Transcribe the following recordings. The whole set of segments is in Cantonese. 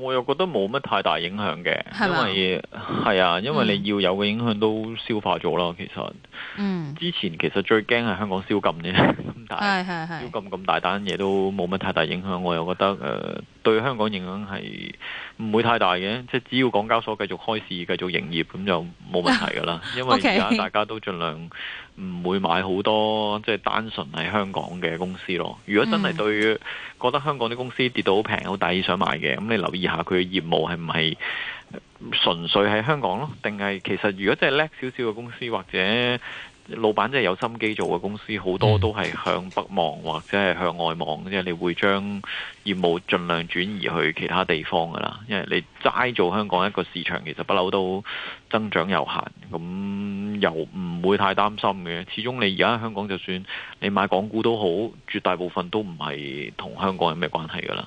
我又覺得冇乜太大影響嘅，是嗎因為係啊，因為你要有嘅影響都消化咗啦。其實，嗯，之前其實最驚係香港宵禁咧，咁大宵禁咁大單嘢都冇乜太大影響。我又覺得誒、呃，對香港影響係唔會太大嘅，即係只要港交所繼續開市，繼續營業，咁就冇問題噶啦。因為而家大家都盡量唔會買好多，Okay. 即係單純係香港嘅公司咯。如果真係對，mm. 覺得香港啲公司跌到好平，好抵想買嘅，咁你留意下佢嘅業務係唔係純粹係香港咯？定係其實如果真係叻少少嘅公司或者？老闆真係有心機做嘅公司，好多都係向北望或者係向外望，即係你會將業務盡量轉移去其他地方噶啦。因為你齋做香港一個市場，其實不嬲都增長有限，咁又唔會太擔心嘅。始終你而家香港就算你買港股都好，絕大部分都唔係同香港有咩關係噶啦。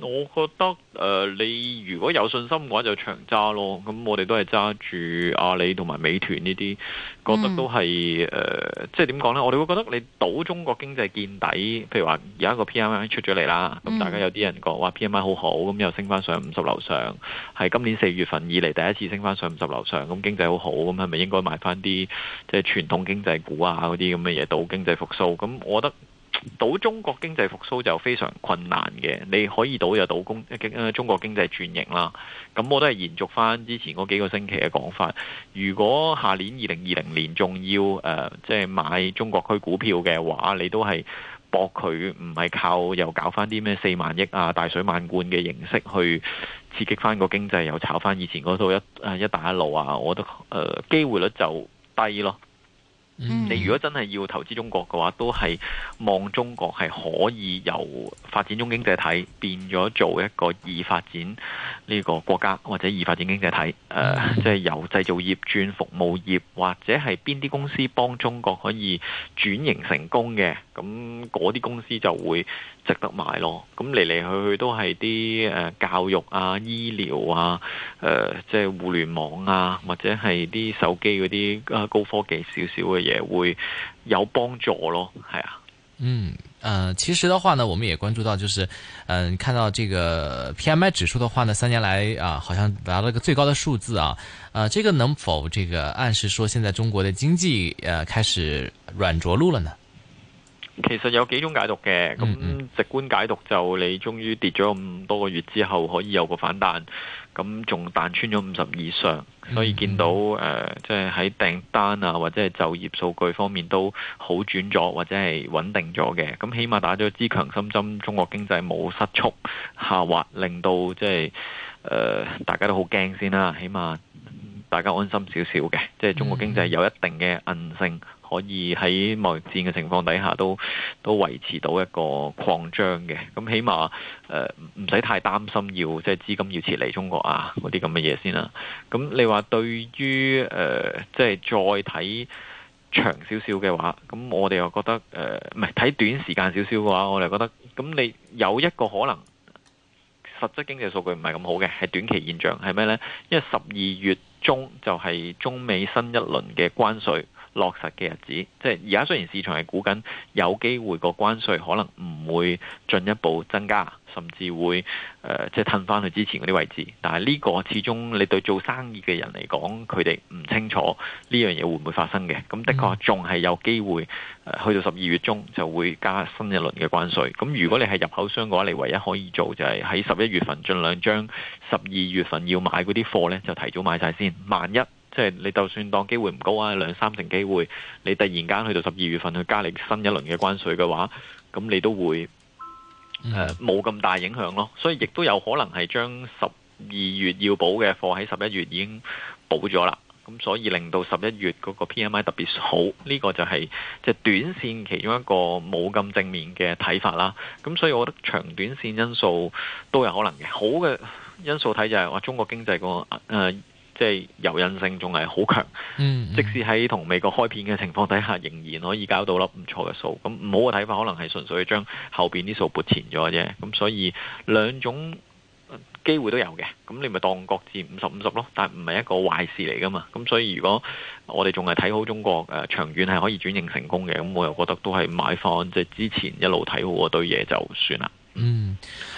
我覺得誒、呃，你如果有信心嘅話就長揸咯。咁我哋都係揸住阿里同埋美團呢啲，覺得都係誒、mm. 呃，即係點講呢？我哋會覺得你賭中國經濟見底，譬如話有一個 PMI 出咗嚟啦，咁大家有啲人講話 PMI 好好，咁又升翻上五十樓上，係今年四月份以嚟第一次升翻上五十樓上，咁經濟好好，咁係咪應該買翻啲即係傳統經濟股啊嗰啲咁嘅嘢賭經濟復蘇？咁我覺得。賭中國經濟復甦就非常困難嘅，你可以賭就賭中國經濟轉型啦。咁我都係延續翻之前嗰幾個星期嘅講法。如果下年二零二零年仲要誒，即、呃、係、就是、買中國區股票嘅話，你都係博佢唔係靠又搞翻啲咩四萬億啊大水漫灌嘅形式去刺激翻個經濟，又炒翻以前嗰套一一帶一路啊，我覺得誒機會率就低咯。嗯、你如果真係要投資中國嘅話，都係望中國係可以由發展中經濟體變咗做一個已發展呢個國家或者已發展經濟體，誒、呃，即、就、係、是、由製造業轉服務業，或者係邊啲公司幫中國可以轉型成功嘅，咁嗰啲公司就會值得買咯，咁嚟嚟去去都係啲誒教育啊、醫療啊、誒、呃、即係互聯網啊，或者係啲手機嗰啲誒高科技少少嘅嘢會有幫助咯，係啊。嗯，誒、呃，其實的話呢，我們也關注到，就是嗯、呃，看到這個 PMI 指數嘅話呢，三年來啊、呃，好像達到一個最高的數字啊，啊、呃，這個能否這個暗示說，現在中國嘅經濟誒、呃、開始軟着陸了呢？其實有幾種解讀嘅，咁直觀解讀就你終於跌咗咁多個月之後，可以有個反彈，咁仲彈穿咗五十以上，所以見到誒，即係喺訂單啊或者係就業數據方面都好轉咗或者係穩定咗嘅，咁起碼打咗支強心針，中國經濟冇失速下滑，令到即係，呃，大家都好驚先啦，起碼。大家安心少少嘅，即係中國經濟有一定嘅韌性，可以喺貿易戰嘅情況底下都都維持到一個擴張嘅。咁起碼誒唔使太擔心要即係資金要撤離中國啊嗰啲咁嘅嘢先啦。咁你話對於誒即係再睇長少少嘅話，咁我哋又覺得誒唔係睇短時間少少嘅話，我哋覺得咁你有一個可能實質經濟數據唔係咁好嘅，係短期現象，係咩咧？因為十二月。中就係、是、中美新一輪嘅關稅。落實嘅日子，即係而家雖然市場係估緊有機會個關稅可能唔會進一步增加，甚至會、呃、即係褪翻去之前嗰啲位置，但係呢個始終你對做生意嘅人嚟講，佢哋唔清楚呢樣嘢會唔會發生嘅。咁的確仲係有機會去、呃、到十二月中就會加新一輪嘅關稅。咁如果你係入口商嘅話，你唯一可以做就係喺十一月份盡量將十二月份要買嗰啲貨呢就提早買晒先。萬一。即係你就算當機會唔高啊，兩三成機會，你突然間去到十二月份去加你新一輪嘅關稅嘅話，咁你都會呃、冇咁大影響咯。所以亦都有可能係將十二月要補嘅貨喺十一月已經補咗啦。咁所以令到十一月嗰個 PMI 特別好，呢、呢個就係即係短線其中一個冇咁正面嘅睇法啦。咁所以我覺得長短線因素都有可能嘅。好嘅因素睇就係話中國經濟個誒。呃即係柔韌性仲係好強，嗯嗯、即使喺同美國開片嘅情況底下，仍然可以搞到粒唔錯嘅數。咁唔好嘅睇法可能係純粹將後邊啲數撥前咗啫。咁所以兩種機會都有嘅，咁你咪當各自五十五十咯。但係唔係一個壞事嚟噶嘛。咁所以如果我哋仲係睇好中國誒、呃，長遠係可以轉型成功嘅，咁我又覺得都係買返即係之前一路睇好嗰堆嘢就算啦。嗯。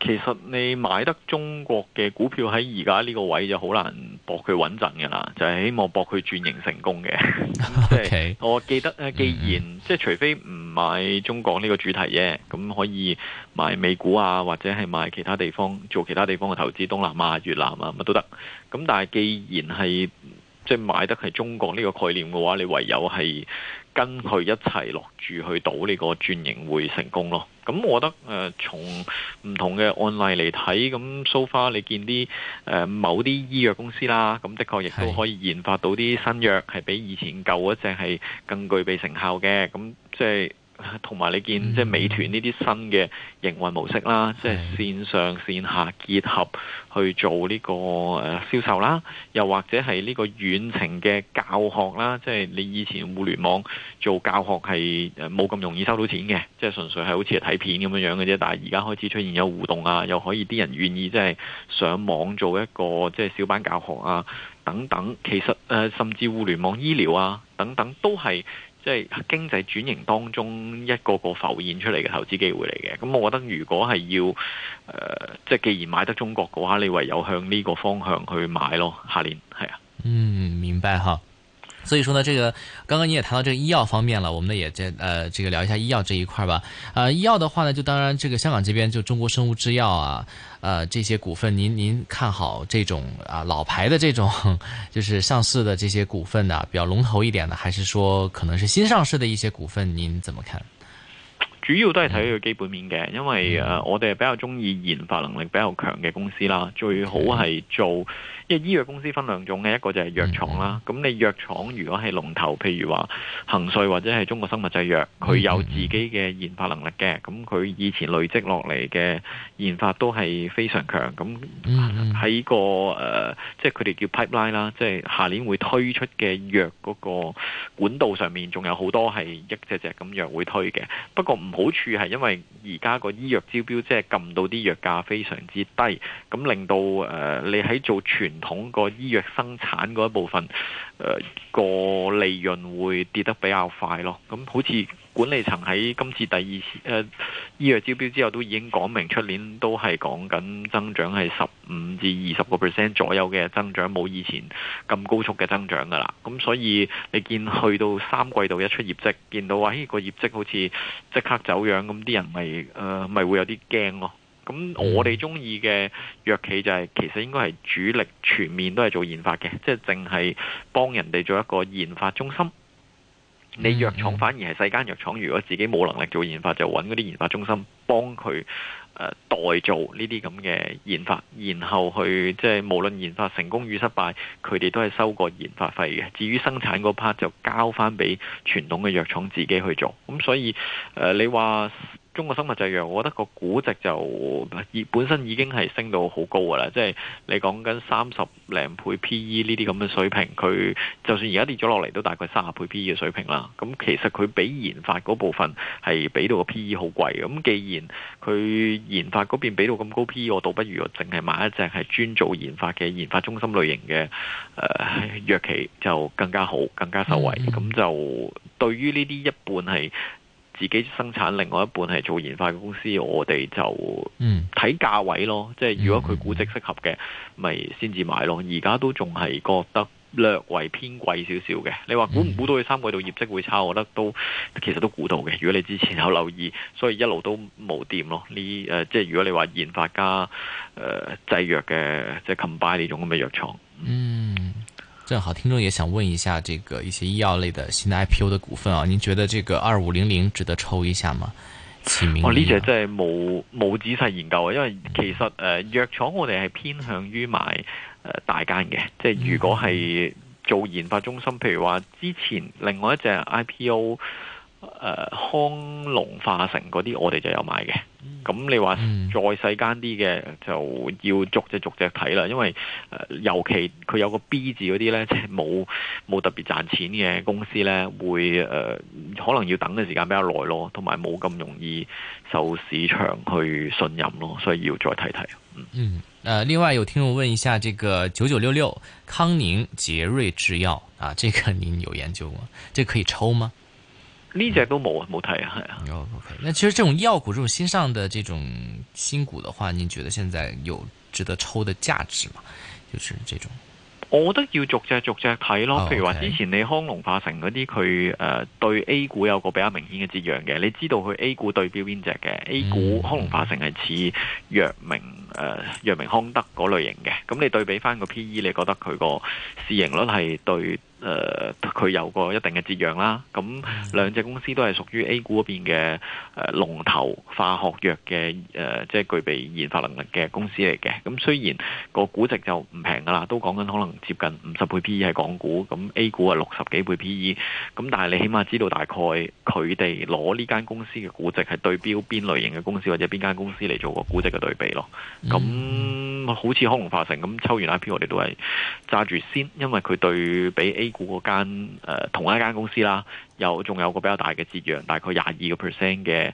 其實你買得中國嘅股票喺而家呢個位就好難博佢穩陣㗎啦，就係、是、希望博佢轉型成功嘅。即 Okay. 我記得誒，既然、mm hmm. 即係除非唔買中國呢個主題嘅，咁可以買美股啊，或者係買其他地方，做其他地方嘅投資，東南亞、越南啊乜都得。咁但係既然係即係買得係中國呢個概念嘅話，你唯有係。跟佢一齊落住去賭呢個轉型會成功咯。咁我覺得、呃、從唔同嘅案例嚟睇，咁 so far 你見啲、呃、某啲醫藥公司啦，咁的確亦都可以研發到啲新藥，係比以前舊嗰隻係更具備成效嘅。咁即係。同埋你見即係美團呢啲新嘅營運模式啦，即係線上線下結合去做呢個誒銷售啦，又或者係呢個遠程嘅教學啦，即係你以前互聯網做教學係冇咁容易收到錢嘅，即係純粹係好似係睇片咁樣樣嘅啫。但係而家開始出現有互動啊，又可以啲人願意即係上網做一個即係小班教學啊，等等。其實誒，甚至互聯網醫療啊，等等都係即係經濟轉型當中一個個浮現出嚟嘅投資機會嚟嘅，咁我覺得如果係要、呃、即係既然買得中國嘅話，你唯有向呢個方向去買咯。下年係啊，是嗯，明白哈。所以說呢，這個剛剛你也談到這個醫藥方面了，我們呢也這呃這個聊一下醫藥這一塊吧。呃，醫藥的話呢，就當然這個香港這邊就中國生物製藥啊，呃這些股份，您您看好這種啊、呃、老牌的這種，就是上市的這些股份的、啊、比較龍頭一點的，還是說可能是新上市的一些股份，您怎麼看？主要都係睇佢基本面嘅，嗯、因為呃、嗯 uh, 我哋比較中意研發能力比較強嘅公司啦，最好係做。即係醫藥公司分兩種嘅，一個就係藥廠啦。咁你藥廠如果係龍頭，譬如話恒瑞或者係中國生物製藥，佢有自己嘅研發能力嘅。咁佢以前累積落嚟嘅研發都係非常強。咁喺個誒，即係佢哋叫 pipeline 啦，即係下年會推出嘅藥嗰個管道上面，仲有好多係一隻隻咁藥會推嘅。不過唔好處係因為而家個醫藥招標即係撳到啲藥價非常之低，咁令到誒、呃、你喺做全統個醫藥生產嗰一部分，誒、呃、個利潤會跌得比較快咯。咁好似管理層喺今次第二次誒、呃、醫藥招標之後，都已經講明出年都係講緊增長係十五至二十個 percent 左右嘅增長，冇以前咁高速嘅增長噶啦。咁所以你見去到三季度一出業績，見到話呢個業績好似即刻走樣，咁啲人咪誒咪會有啲驚咯。咁我哋中意嘅藥企就係其實應該係主力全面都係做研發嘅，即係淨係幫人哋做一個研發中心。你藥廠反而係世間藥廠，如果自己冇能力做研發，就揾嗰啲研發中心幫佢、呃、代做呢啲咁嘅研發，然後去即係、就是、無論研發成功與失敗，佢哋都係收個研發費嘅。至於生產嗰 part 就交返俾傳統嘅藥廠自己去做。咁所以、呃、你話？中國生物製藥，我覺得個估值就本身已經係升到好高嘅啦。即係你講緊三十零倍 PE 呢啲咁嘅水平，佢就算而家跌咗落嚟，都大概三十倍 PE 嘅水平啦。咁其實佢比研發嗰部分係俾到個 PE 好貴。咁既然佢研發嗰邊俾到咁高 PE，我倒不如我淨係買一隻係專做研發嘅研發中心類型嘅誒藥企，呃、期就更加好，更加受惠。咁、嗯嗯、就對於呢啲一半係。自己生產，另外一半係做研發嘅公司，我哋就睇價位咯。即係如果佢估值適合嘅，咪先至買咯。而家都仲係覺得略為偏貴少少嘅。你話估唔估到佢三個季度業績會差？我覺得都其實都估到嘅。如果你之前有留意，所以一路都冇掂咯。呢誒、呃，即係如果你話研發家誒、呃、製藥嘅，即係 combine 呢種咁嘅藥廠，嗯。正好聽眾也想問一下，這個一些醫藥類的新的 IPO 的股份啊，您覺得這個二五零零值得抽一下嗎？啟明、啊，呢隻真係即係冇冇仔細研究啊，因為其實誒、嗯呃、藥廠我哋係偏向於買誒、呃、大間嘅，即係如果係做研發中心，譬如話之前另外一隻 IPO。誒、呃，康龍化成嗰啲我哋就有買嘅，咁你話再細間啲嘅就要逐隻逐隻睇啦，因為誒、呃、尤其佢有個 B 字嗰啲咧，即係冇冇特別賺錢嘅公司咧，會誒、呃、可能要等嘅時間比較耐咯，同埋冇咁容易受市場去信任咯，所以要再睇睇。嗯誒、嗯呃，另外有聽友問一下，這個九九六六康寧傑瑞製藥啊，這個您有研究嗎？啊？這個，可以抽嗎？呢隻都冇啊，冇睇啊，係啊。哦，OK。那其實這種醫藥股，這種新上的這種新股的話，你覺得現在有值得抽的價值嗎？就是這種，我覺得要逐隻逐隻睇咯。譬、哦，OK。如話之前你康龍化成嗰啲，佢誒對 A 股有個比較明顯嘅折讓嘅，你知道佢 A 股對標邊隻嘅？A 股康龍化成係似藥明。誒藥、啊、明康德嗰類型嘅，咁你對比翻個 P E，你覺得佢個市盈率係對誒佢、呃、有個一定嘅折讓啦。咁兩隻公司都係屬於 A 股嗰邊嘅誒、呃、龍頭化學藥嘅誒，即、呃、係、就是、具備研發能力嘅公司嚟嘅。咁雖然個估值就唔平噶啦，都講緊可能接近五十倍 P E 係港股，咁 A 股係六十幾倍 P E。咁但係你起碼知道大概佢哋攞呢間公司嘅估值係對標邊類型嘅公司或者邊間公司嚟做個估值嘅對比咯。咁、嗯、好似康龍化成咁抽完 IP，我哋都係揸住先，因為佢對比 A 股嗰間誒、呃、同一間公司啦，又仲有個比較大嘅折讓，大概廿二個 percent 嘅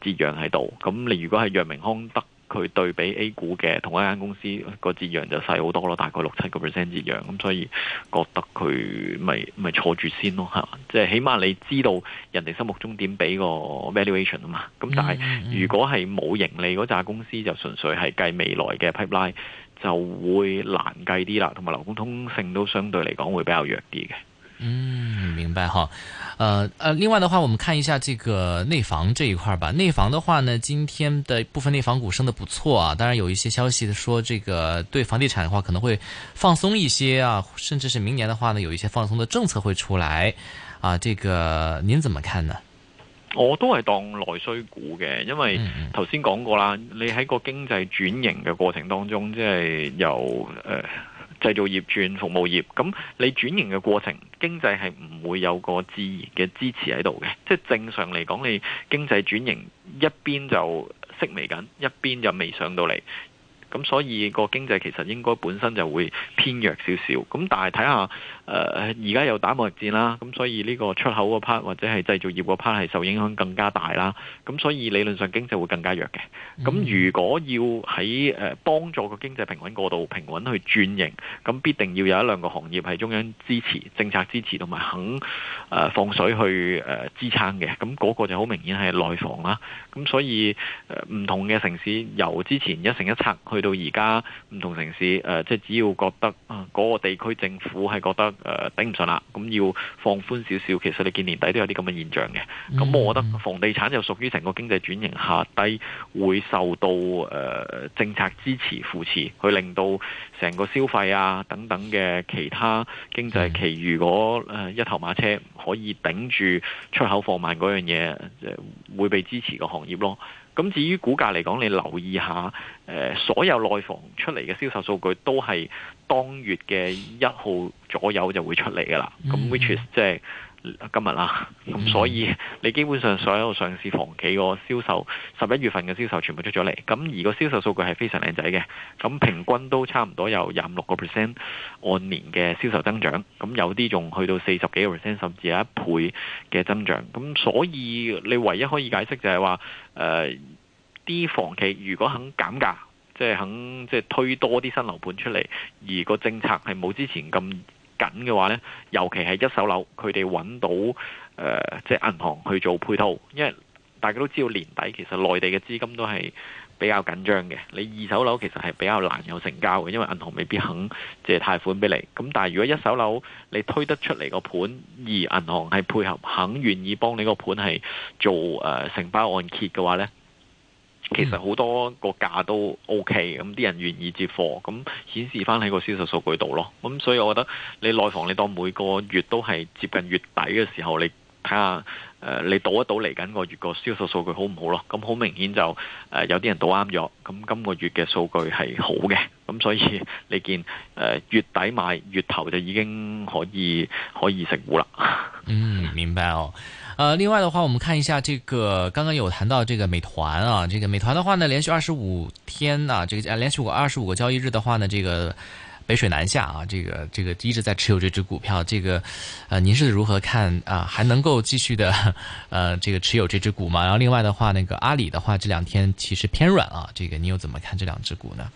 誒折讓喺度。咁你如果係藥明康德。佢對比 A 股嘅同一間公司個折讓就細好多咯，大概六七個 percent 折讓，咁所以覺得佢咪咪坐住先咯，嚇！即係起碼你知道人哋心目中點俾個 valuation 啊嘛。咁但係如果係冇盈利嗰扎公司，就純粹係計未來嘅 pipeline 就會難計啲啦，同埋流通性都相對嚟講會比較弱啲嘅。嗯，明白嚇。呃呃，另外的話，我們看一下這個內房這一塊吧。內房的話呢，今天的部分內房股升得不錯啊。當然有一些消息說，這個對房地產的話可能會放鬆一些啊，甚至是明年的話呢，有一些放鬆的政策會出來啊。這個您怎麼看呢？我都係當內需股嘅，因為頭先講過啦，你喺個經濟轉型嘅過程當中，即係由誒。呃製造業轉服務業，咁你轉型嘅過程，經濟係唔會有個自然嘅支持喺度嘅。即係正常嚟講，你經濟轉型一邊就熄微緊，一邊就未上到嚟。咁所以個經濟其實應該本身就會偏弱少少，咁但係睇下誒而家又打貿易戰啦，咁所以呢個出口個 part 或者係製造業個 part 係受影響更加大啦，咁所以理論上經濟會更加弱嘅。咁如果要喺呃、幫助個經濟平穩過渡、平穩去轉型，咁必定要有一兩個行業係中央支持、政策支持同埋肯誒、呃、放水去誒、呃、支撐嘅，咁嗰個就好明顯係內房啦。咁所以呃、唔同嘅城市由之前一城一策去。到而家唔同城市，即、呃、係只要覺得啊，呃嗰個、地區政府係覺得誒、呃、頂唔順啦，咁要放寬少少，其實你見年底都有啲咁嘅現象嘅。咁、mm hmm. 我覺得房地產就屬於成個經濟轉型下低，會受到、呃、政策支持扶持，去令到成個消費啊等等嘅其他經濟。其餘嗰一頭馬車可以頂住出口放慢嗰樣嘢、呃，會被支持個行業咯。咁至於股價嚟講，你留意下，誒、呃、所有內房出嚟嘅銷售數據都係當月嘅一號左右就會出嚟噶啦。咁、mm hmm. which is 即、就、係、是、今日啦。咁所以你基本上所有上市房企個銷售十一月份嘅銷售全部出咗嚟，咁而個銷售數據係非常靚仔嘅，咁平均都差唔多有廿六個 percent 按年嘅銷售增長。咁有啲仲去到四十幾個 percent，甚至有一倍嘅增長。咁所以你唯一可以解釋就係話。誒，啲房企如果肯減價，即係肯即係推多啲新樓盤出嚟，而個政策係冇之前咁緊嘅話呢，尤其係一手樓，佢哋揾到誒，即係銀行去做配套，因為大家都知道年底其實內地嘅資金都係。比較緊張嘅，你二手樓其實係比較難有成交嘅，因為銀行未必肯借貸款俾你。咁但係如果一手樓你推得出嚟個盤，而銀行係配合肯願意幫你個盤係做誒承、呃、包按揭嘅話呢，其實好多個價都 OK，咁啲人願意接貨，咁顯示返喺個銷售數據度咯。咁所以我覺得你內房，你當每個月都係接近月底嘅時候，你。睇下誒，你賭一賭嚟緊個月個銷售數據好唔好咯？咁好明顯就誒、呃、有啲人賭啱咗，咁今個月嘅數據係好嘅，咁所以你見誒、呃、月底買月頭就已經可以可以食糊啦。嗯，明白哦。誒、呃，另外的話，我們看一下這個，剛剛有談到這個美團啊，這個美團的話呢，連續二十五天啊，這個、啊、連續個二十五個交易日的話呢，這個。北水南下啊，這個這個一直在持有這隻股票，這個呃，您是如何看啊、呃？還能夠繼續的呃，這個持有這隻股嗎？然後另外的話，那個阿里的話，這兩天其實偏軟啊，這個你又怎麼看這兩隻股呢？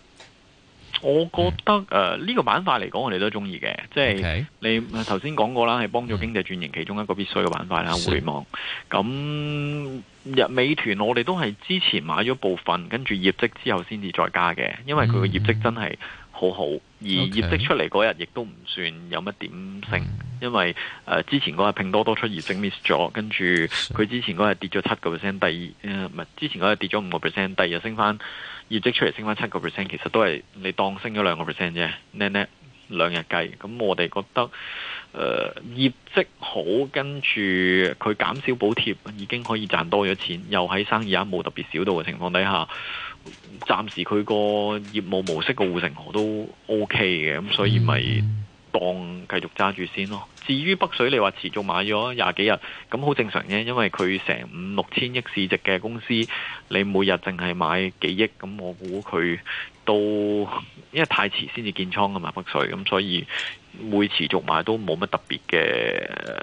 我覺得、嗯、呃、呢、這個板塊嚟講，我哋都中意嘅，即係你頭先講過啦，係幫助經濟轉型其中一個必須嘅板塊啦，互聯網。咁是美團，我哋都係之前買咗部分，跟住業績之後先至再加嘅，因為佢嘅業績真係。嗯好好，而業績出嚟嗰日亦都唔算有乜點升，因為誒、呃、之前嗰日拼多多出業績 miss 咗，跟住佢之前嗰日跌咗七個 percent，第二誒、唔係之前嗰日跌咗五個 percent，第二日升翻業績出嚟升翻七個 percent，其實都係你當升咗兩個 percent 啫，呢呢。 兩日計，咁我哋覺得，誒、呃、業績好，跟住佢減少補貼已經可以賺多咗錢，又喺生意額冇特別少到嘅情況底下，暫時佢個業務模式個護城河都 OK 嘅，咁所以咪，嗯當繼續揸住先咯。至於北水，你話持續買咗廿幾日，咁好正常嘅，因為佢成五六千億市值嘅公司，你每日淨係買幾億，咁我估佢都因為太遲先至建倉㗎嘛，北水，咁所以會持續買都冇乜特別嘅。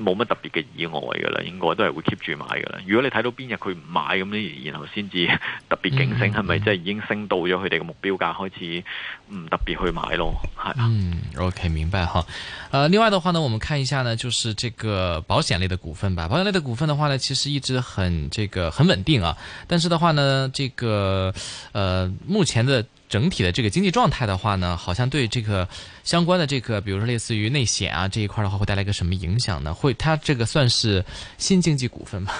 冇乜特別嘅意外噶啦，應該都係會 keep 住買噶啦。如果你睇到邊日佢唔買咁呢，然後先至特別警醒，係咪即係已經升到咗佢哋嘅目標價，開始唔特別去買咯？係啊。嗯，OK，明白哈。呃，另外嘅話呢，我們看一下呢，就是這個保險類的股份吧。保險類的股份的話呢，其實一直很這個很穩定啊。但是的話呢，這個呃目前的。整體的這個經濟狀態的話呢，好像對這個相關的這個，比如說類似於內險啊這一塊的話，會帶來一個什麼影響呢？會，它這個算是新經濟股份嗎？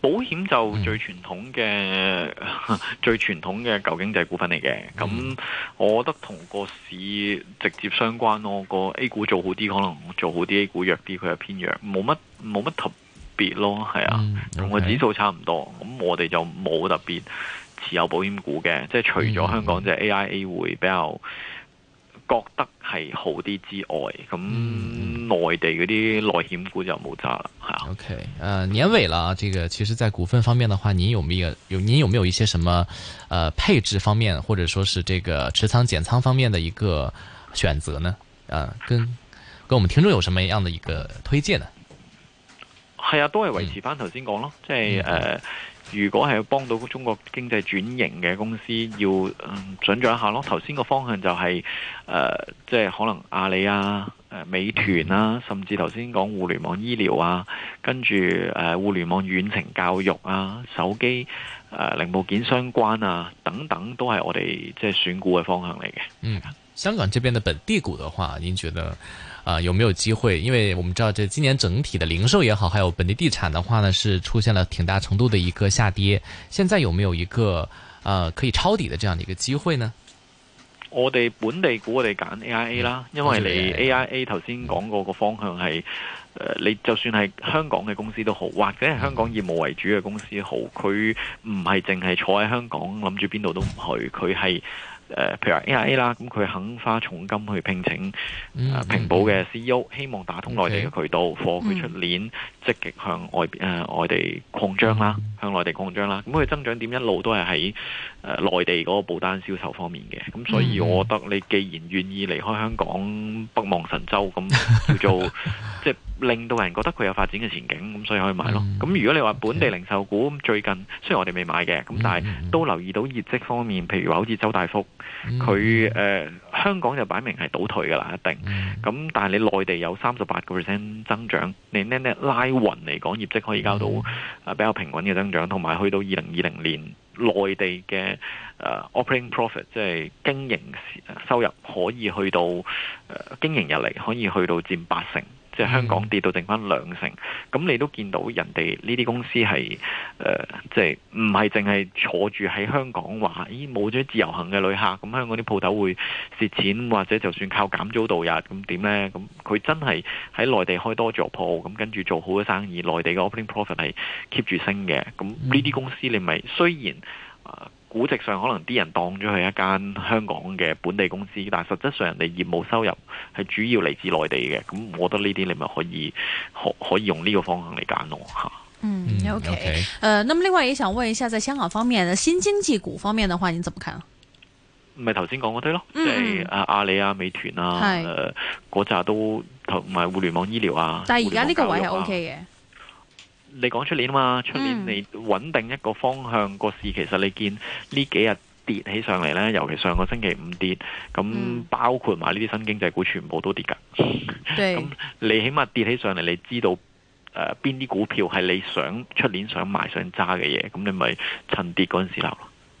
保險就最傳統的、嗯、最傳統的最傳統的舊經濟股份嚟嘅。咁、嗯、我覺得同個市直接相關咯。個 A 股做好啲，可能做好啲；A 股弱啲，佢又偏弱，冇乜冇乜特別咯。係啊，同、嗯 okay. 個指數差唔多。咁我哋就冇特別。持有保險股嘅，即係除咗香港即係 AIA 會比較覺得係好啲之外，咁內、嗯、地嗰啲內險股就冇揸啦。OK 誒，年尾啦，呢、這個其實，在股份方面的話，您有沒有有，您有，沒有一些什麼，呃、配置方面或者說是這個持倉減倉方面的一個選擇呢？啊、跟跟我們聽眾有什麼樣的一個推薦呢？係啊、嗯，都係維持翻頭先講咯，即係誒。嗯如果係要幫到中國經濟轉型嘅公司，要嗯想象一下咯。頭先個方向就係、是、誒、呃，即係可能阿里啊、美團啊，甚至頭先講互聯網醫療啊，跟住、呃、互聯網遠程教育啊、手機誒、呃、零部件相關啊，等等都係我哋即係選股嘅方向嚟嘅。嗯。香港這邊的本地股的話，您覺得，啊、呃，有沒有機會？因為我們知道，這今年整體的零售也好，還有本地地產的話呢，是出現了挺大程度的一個下跌。現在有沒有一個，呃，可以抄底的這樣的一個機會呢？我哋本地股我哋揀 AIA 啦，因為你 AIA 頭先講過個方向係，呃，你就算係香港嘅公司都好，或者係香港業務為主嘅公司也好，佢唔係淨係坐喺香港諗住邊度都唔去，佢係。誒、呃，譬如 AIA 啦，咁佢肯花重金去聘請、嗯嗯、平保嘅 CEO，希望打通內地嘅渠道，貨佢出年，積極向外誒、呃、外地擴張啦，嗯、向內地擴張啦。咁佢增長點一路都係喺誒內地嗰個保單銷售方面嘅。咁所以，我覺得你既然願意離開香港北望神州，咁叫做即係 令到人覺得佢有發展嘅前景，咁所以可以買咯。咁、嗯、如果你話本地零售股，Okay. 最近雖然我哋未買嘅，咁但係都留意到業績方面，譬如話好似周大福。佢誒、嗯呃、香港就擺明係倒退嘅啦，一定。咁、嗯、但係你內地有三十八個 percent 增長，你呢呢拉雲嚟講業績可以搞到比較平穩嘅增長，同埋、嗯、去到二零二零年內地嘅誒 operating profit，即係經營收入可以去到誒經營入嚟可以去到佔八成。即係香港跌到剩返兩成，咁你都見到人哋呢啲公司係誒，即係唔係淨係坐住喺香港話，咦、哎，冇咗自由行嘅旅客，咁香港啲鋪頭會蝕錢，或者就算靠減租度日，咁點呢？咁佢真係喺內地開多咗鋪，咁跟住做好嘅生意，內地嘅 opening profit 係 keep 住升嘅。咁呢啲公司你咪雖然、呃估值上可能啲人當咗係一間香港嘅本地公司，但係實質上人哋業務收入係主要嚟自內地嘅，咁我覺得呢啲你咪可以可以，可以用呢個方向嚟揀咯吓。嗯，OK，誒、嗯 okay 呃，那麼另外也想問一下，在香港方面，新經濟股方面的話，你怎麼看？嗯嗯啊？咪頭先講嗰堆咯，即係阿阿里啊、美團啊，誒是，嗰紮、呃、都同埋互聯網醫療啊。但係而家呢個位係 OK 嘅。你講出年啊嘛，出年你穩定一個方向個、嗯、市，其實你見呢幾日跌起上嚟呢，尤其上個星期五跌，咁包括埋呢啲新經濟股全部都跌噶。咁、嗯、你起碼跌起上嚟，你知道誒邊啲股票係你想出年想買想揸嘅嘢，咁你咪趁跌嗰陣時落。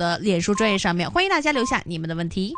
的臉書專業上面，歡迎大家留下你們的問題。